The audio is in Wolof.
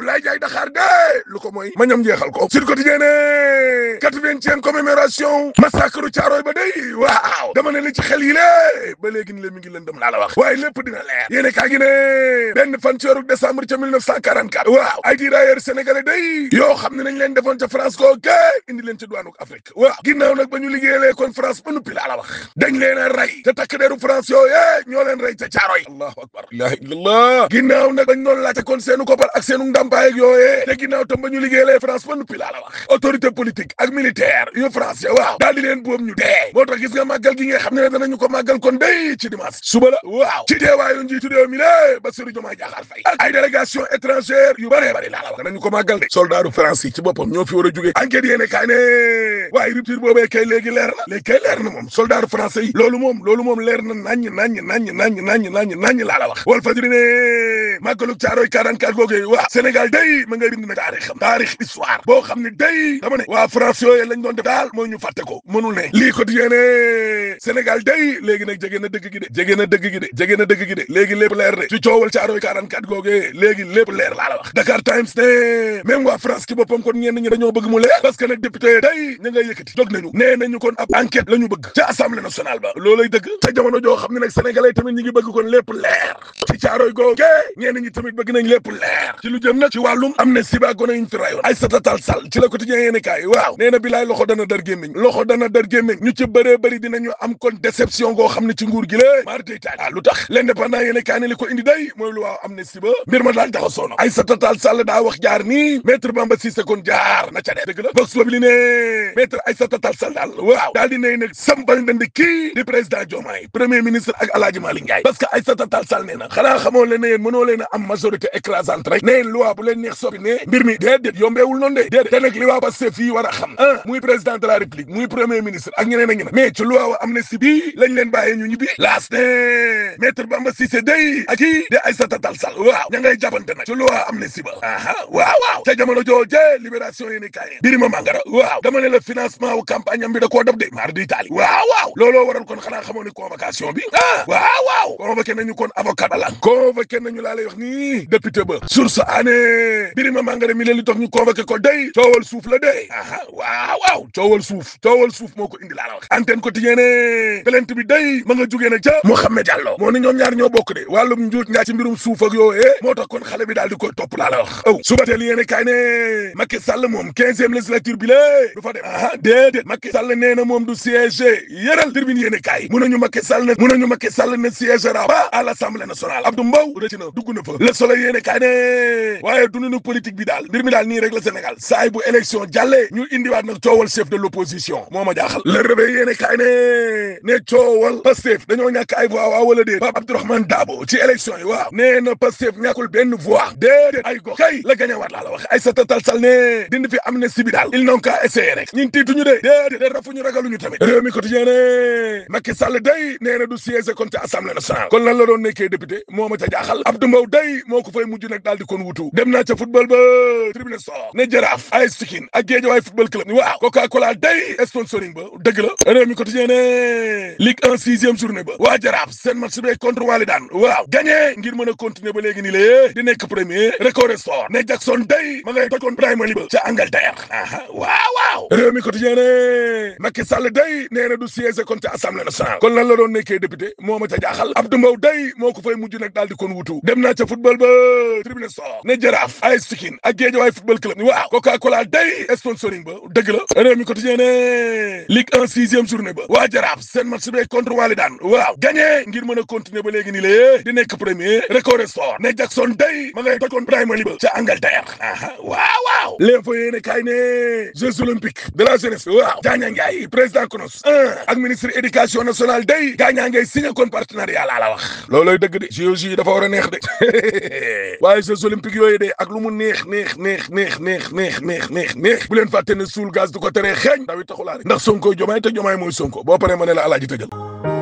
Fulay Jaay Daxaar de lu ko mooy ma ñam njeexal ko Sud Quotidien ne quatre-vingtième commémoration massacre Caaroy ba day waaw dama li ci xel yi ba léegi ni la mi ngi lëndëm laa la wax waaye lépp dina leer yéene kaa benn fan ci weeru décembre ca 1944 waaw ay tirailleurs sénégalais day yoo xam ne leen defoon ca France koo ka indi ci duwaanuk Afrique waaw ginnaaw nag ba ñu liggéeyalee kon France ba nuppi laa la wax dañ leen a rey te takk deeru France yooye campagne ak yooyee te ginnaaw tam ba ñu liggéeyalee France ba nuppi laa la wax autorité politique ak militaire yu France waaw daal di leen boobu ñu dee moo tax gis nga màggal gi nga xam ne danañu ko màggal kon day ci dimanche suba waaw ci teewaayu njiitu réew mi la Bassirou Diomaye Diakhar Faye ak ay délégation étrangère yu bëree bëri laa la wax danañu ko màggal de soldaaru France yi ci boppam ñoo fi war a jógee enquête yéene kaay ne waaye rupture boobee kay léegi Sénégal day ma ngay bind nag taarix am taarix histoire boo xam ne day dama ne waa France yooyu lañ doon def daal mooy ñu fàtte ko mënul Dakar Times ne même waa France ki boppam kon ñi dañoo bëgg mu leer parce que nag day ña ngay yëkkati nañu nee nañu kon ab enquête la bëgg ca assemblée nationale ba loolay dëgg ca jamono joo xam ne nag tamit ñi ngi bëgg kon leer ci caaroy googee ñenn ñi tamit bëgg nañ leer ci lu jëm nag ci wàllum amnistie ba gone yuñ fi rayoon Aïssata Tall Sall ci la quotidien yéeni kaay waaw nee na bilaay loxo dana dar gémmiñ loxo dana dar gémmiñ ñu ci bëree bëri dinañu am kon déception goo xam ne ci nguur gi lée maar day lu tax l'indépendant yéeni kaay ne li ko indi day mooy lu waaw amnistie ba mbir ma daal jaxasoo na Aïssata Tall Sall daa wax jaar nii maître Bamba Cissé kon jaar na ca dee dëgg box bobu li ne maître Aïssata Tall daal waaw daal di ne sambal a am fois bu leen neex soppi ne mbir mi déedéet yombeewul noonu de déedéet te nag li waa Pastef fii war a xam ah muy président de la république muy premier ministre ak ñeneen ak ñeneen mais ci loi amnistie bi lañ leen bàyyee ñu ñibbi laas ne maître Bamba Cissé day ak kii de Aïssata Tall Sall waaw ña ngay jàppante nag ci loi amnistie ba aha waaw waaw ca jamono joojee libération yéen i kaay Birima Mangara waaw bi da koo dab de mar di taali kon xanaa xamoo ah kon avocat bala convoqué nañu laa ni député Birima Mangare mi leen li tax ñu convoqué ko day coowal suuf la day aha waaw waaw coowal suuf coowal suuf moo ko indi laa la wax antenne quotidien ne plainte bi day ma nga jugee na ca Mouhamed Diallo moo ni ñoom ñaar ñoo bokk de wàllum njuut njaay ci mbirum suuf ak yooyee moo tax kon xale bi daal di ko topp laa la wax aw subateel yéene kaay ne Macky Sall moom quinzième législature bi lée du fa dem aha déedéet Macky Sall nee na moom du siège yëral tribune yéene kaay mun nañu Macky Sall ne mun nañu Macky Sall ne siège ra ba à l'Assemblée nationale na dugg na fa waaye dundinu politique bi daal mbir mi daal nii rek la Sénégal saay bu élection jàllee ñu indiwaat nag coowal chef de l'opposition moo ma jaaxal le réveil yéene kaay ne ne coowal Pastef dañoo ñàkk ay voix waaw wala déet Pape Abdourahmane Dabo ci élection yi waaw nee na Pastef ñàkkul benn voix déedéet ay gox kay la gañe waat laa la wax ay sa tatal sal ne dindi fi amnistie bi daal ils n'ont qu'à essayer rek ñun tiituñu de déedéet rafuñu ragaluñu tamit réew mi quotidien ne Macky Sall na du la doon nekkee député moo ma ca jaaxal Abdou Mbow day moo ko fay mujj nag daal di kon wutu dem naa ca football ba tribune sport ne jaraaf AS Pikine ak Guédiawaye football club waaw Coca Cola day sponsoring ba dëgg la réew mi quotidien ne Ligue 1 sixième journée ba waa jaraaf seen match bi contre Walidane waaw gagné ngir mën a continuer ba léegi nii lée di nekk premier record sport ne Jackson day ma ngay tojoon Premier League ba ca Angleterre aa waaw waaw réew mi quotidien ne Macky Sall day nee na du siège kon ca assemblée nationale kon lan la doon nekkee député moo ma ca jaaxal Abdou Mbow day moo ko fay mujj nag daal di kon dem naa ca football ba tribune sport jaraaf AS Pikine ak Guédiawaye football club waaw Coca Cola day sponsoring ba dëgg la réew mi quotidien ne Ligue 1 sixième journée ba waa jaraaf seen match bi contre Walidane waaw gagné ngir mën a continuer ba léegi nii lée di nekk premier record sport ne Jackson day ma ngay tojoon Premier ba ca Angleterre waaw l'info yéen a kaay ne jeux olympiques de la jeunesse waaw Diagne Ndiaye président CNOSS ak ministre éducation nationale day Diagne ngay signé kon partenariat la la wax loolooy dëgg de JOJ yi dafa war a neex de waaye jeux olympiques yooyu de ak lu mu neex neex neex neex neex neex neex neex neex bu leen fàtte ne suul gaz du ko teree xeeñ dawi taxulaare ndax Sonko jomaay te jomaay mooy Sonko boo paree ma ne la alaaji tëjal